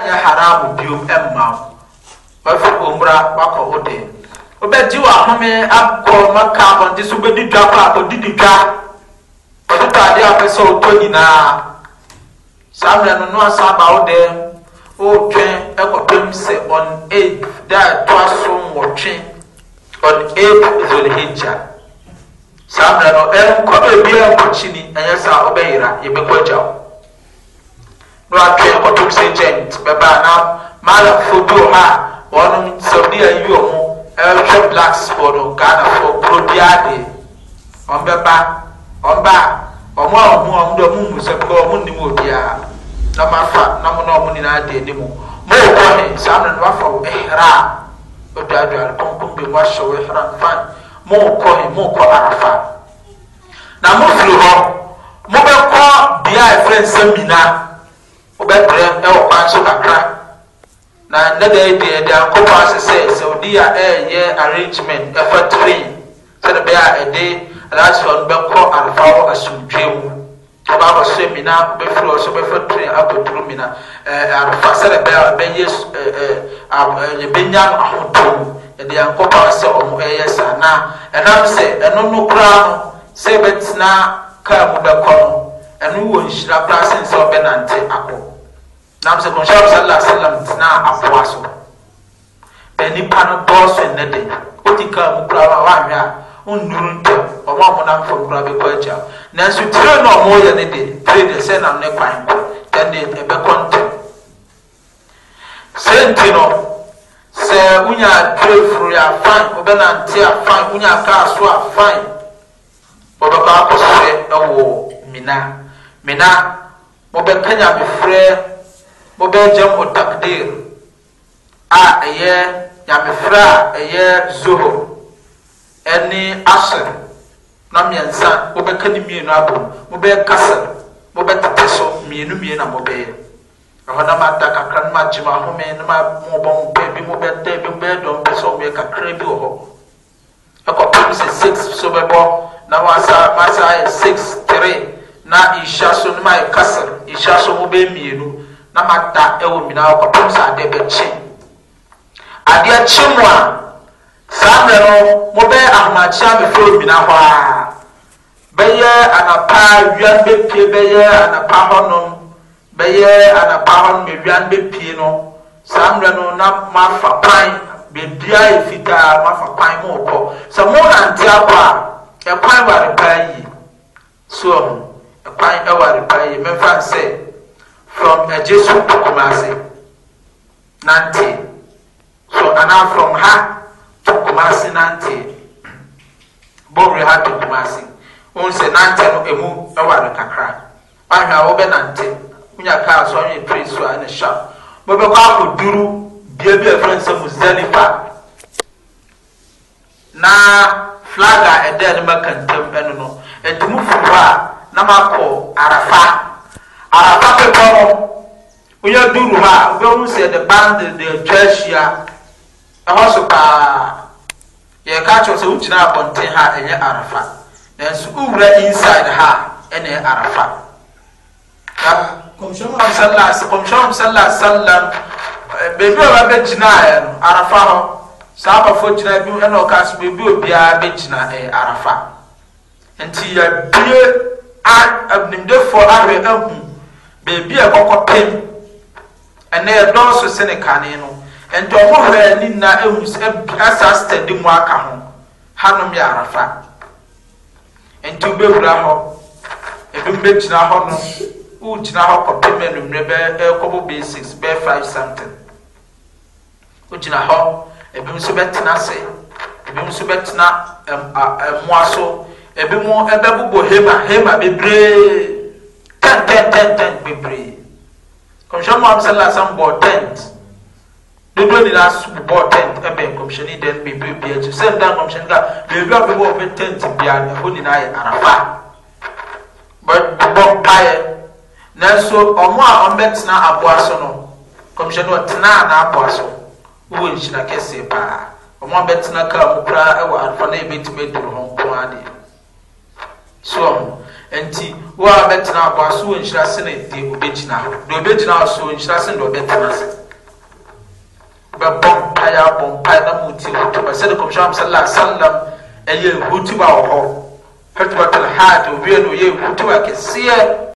nyɛ haramu bio ɛmma wo wafi omura wakɔ wo den wobɛgye wɔ ahome akɔ maka abɔnte so wobɛdi dwa kɔ a ɔdidi dwa ɔdodɔ adeɛ a wopɛ sɛ wotɔ nyinaa saa mmerɛ no no asa aba wo den wotwɛn ɛkɔpem sɛ on eight da a ɛtoa so nwɔtwe on eight zolihigya saa mmerɛ no ɛnkɔ baabi a nkɔkyi ni ɛnyɛ saa wobɛyera yɛbɛkɔ gya wo na watwe akɔto resurgent bɛba na malafo bi wɔ ha a wɔn nsɛm ne ayi wɔn ho ɛhwɛ black sport no ghana fo kuro biara de wɔn bɛba wɔn ba wɔn a wɔn wɔn de wɔn mu sɛ pɛ wɔn nim wɔ biara na wɔn afa na wɔn a wɔn nyinaa de anim mo wɔ kɔ he saa no wɔn afa wɔ ɛhra a oduaduane pɔnpɔn bi mu ahyɛ wɔ mo wɔ kɔ he mo wɔ kɔ arafa na mo firi hɔ mo bɛ wobɛbrɛ ɛwɔ kwan so kakra na ne da yi eh, deɛ eh, eh, de akokɔ ase sɛ saudi a ɛyɛ arrangement ɛfa train sɛde bɛyɛ a ɛde alaasiwa no bɛkɔ alfa wɔ asomdwe mu ɔba abɛso mina bɛfiri wɔ so bɛfa train akɔduru mina ɛɛ alfa sɛde bɛyɛ a bɛyɛ ɛɛ ɛɛ yɛbɛnya no ahodoɔ yɛde akokɔ ase ɔmo ɛyɛ saa na ɛnam sɛ ɛno no koraa no sɛ bɛtena kaa mu bɛkɔ no ɛno wɔ nhyira koraa sɛ nsɛ nam sɛ kɔnhyɛrɛ sallallahu alaihi wasallam tena aboa so bɛn nipa no dɔɔso nnɛ de oti kaa mu kura wa wahwɛ a nnuru ntɛm ɔmo a mo nam fam kura bɛkɔ akyi a nanso tire na ɔmo yɛ ne de tire de sɛ nam ne kwan kɔ ɛn de ɛbɛkɔ ntɛm sɛ nti no sɛ wonya tire furu a fain wobɛnante a fain wonya kaa so a fain e wɔbɛkɔ akɔsɛ ɛwɔ mina mina wɔbɛka nyamefrɛ mobile jam o takdir a ɛyɛ nyamefra a ɛyɛ zoho ɛne asr na mmiɛnsa mobɛka ne mmienu abom mobɛyɛ kasa mobɛtete so mmienu mmienu na mobɛyɛ ɛhɔ na mada kakra no magye mu ahome no mabɔ mo pɛ bi mobɛda bi mobɛyɛ dɔm pɛ sɛ ɔmoyɛ kakra bi wɔ hɔ ɛkɔpem sɛ six so bɛbɔ na wasa masa ayɛ e six three na ihyia so no ma ayɛ e kasa ihyia so mobɛyɛ mmienu na mada ɛwɔ nyinaa kɔpem sɛ adeɛ bɛkye adeɛ kye mu a saa mmerɛ no mobɛyɛ ahomakye amefrɛ nyinaa hɔ a bɛyɛ anapa wian bɛpie bɛyɛ anapa hɔnom bɛyɛ anapa hɔnom ewian bɛpie no saa mmerɛ no na mafa pan beebi a yɛ fitaa mafa pan mu kɔ sɛ mo nante akɔ a ɛkwan ware paa yie soɔ ɛkwan ɛware paa yie mɛmfa nsɛ from Ejesu to Kumasi nante so anaa from ha to Kumasi nante bɔnre ha to Kumasi wɔn sɛ nante no emu ɛware kakra ahwɛ a wɔbɛ nante wonya kaa so ɔnye pere so a ɛna hyɛ wɔbɛkɔ akɔduru bea bi a ɛfrɛ nsɛm Muzdalifa na flag a ɛda ne ma kantam ɛno no ɛtumu furu a na ma kɔ Arafa arakakekɔ no wonyɛ duru hɔ a wobɛhu sɛ de bande de atwa ahyia ɛhɔ so paa yɛka kyerɛw sɛ wogyina abɔnten ha ɛnyɛ arafa nanso wowura inside ha ɛne arafa kɔmhyɛm sala salam baabi a wabɛgyinaeɛ no arafa hɔ saa abafoɔ gyina bi ɛna ɔka so baabi obiara bɛgyina ɛyɛ arafa nti yɛbie nimdefoɔ ahwɛ ahu beebi a ɛkɔkɔ pem ɛnna ɛdɔɔso sene kane no nti ɔmo na ehu ɛsa stadi mu aka ho hanom yɛ arafa nti wobɛwura hɔ ebi mbɛgyina hɔ no wogyina hɔ kɔpem anummerɛ bɛɛ ɛkɔbɔ basics bɛɛ five something wogyina hɔ ebi nso bɛtena ase ebi nso bɛtena ebi mo ɛbɛbobɔ hema hema bebree. ten ten ten ten bebree kɔmhyɛn mu amsa lasan bɔ tent dodo nyinaa so bɔ tent ɛbɛn kɔmhyɛnni den bebree bi akyi sɛ ndan kɔmhyɛnni ka beebi a bɛbɔ ɔbɛ tent bia ɛhɔ nyinaa yɛ arafa bɔ mpaeɛ nanso ɔmo a ɔmbɛtena aboa so no kɔmhyɛnni ɔtena n'aboa so wɔ nhyina kɛseɛ paa ɔmo abɛtena kaa mu koraa ɛwɔ arafa na ebɛtumi aduru hɔ nko ara deɛ so ɔmo nti wo a bɛtena abɔ aso wɔ nhyira se ne de obɛgyina deɛ obɛgyina aso wɔ nhyira se ne deɛ ɔbɛtena ase bɛbɔ mpaeɛ abɔ mpaeɛ na mo tie hotuba sɛde kɔmhyɛ am sala salam ɛyɛ hotuba wɔ hɔ hotuba tel hajj obiɛ na ɔyɛ hotuba kɛseɛ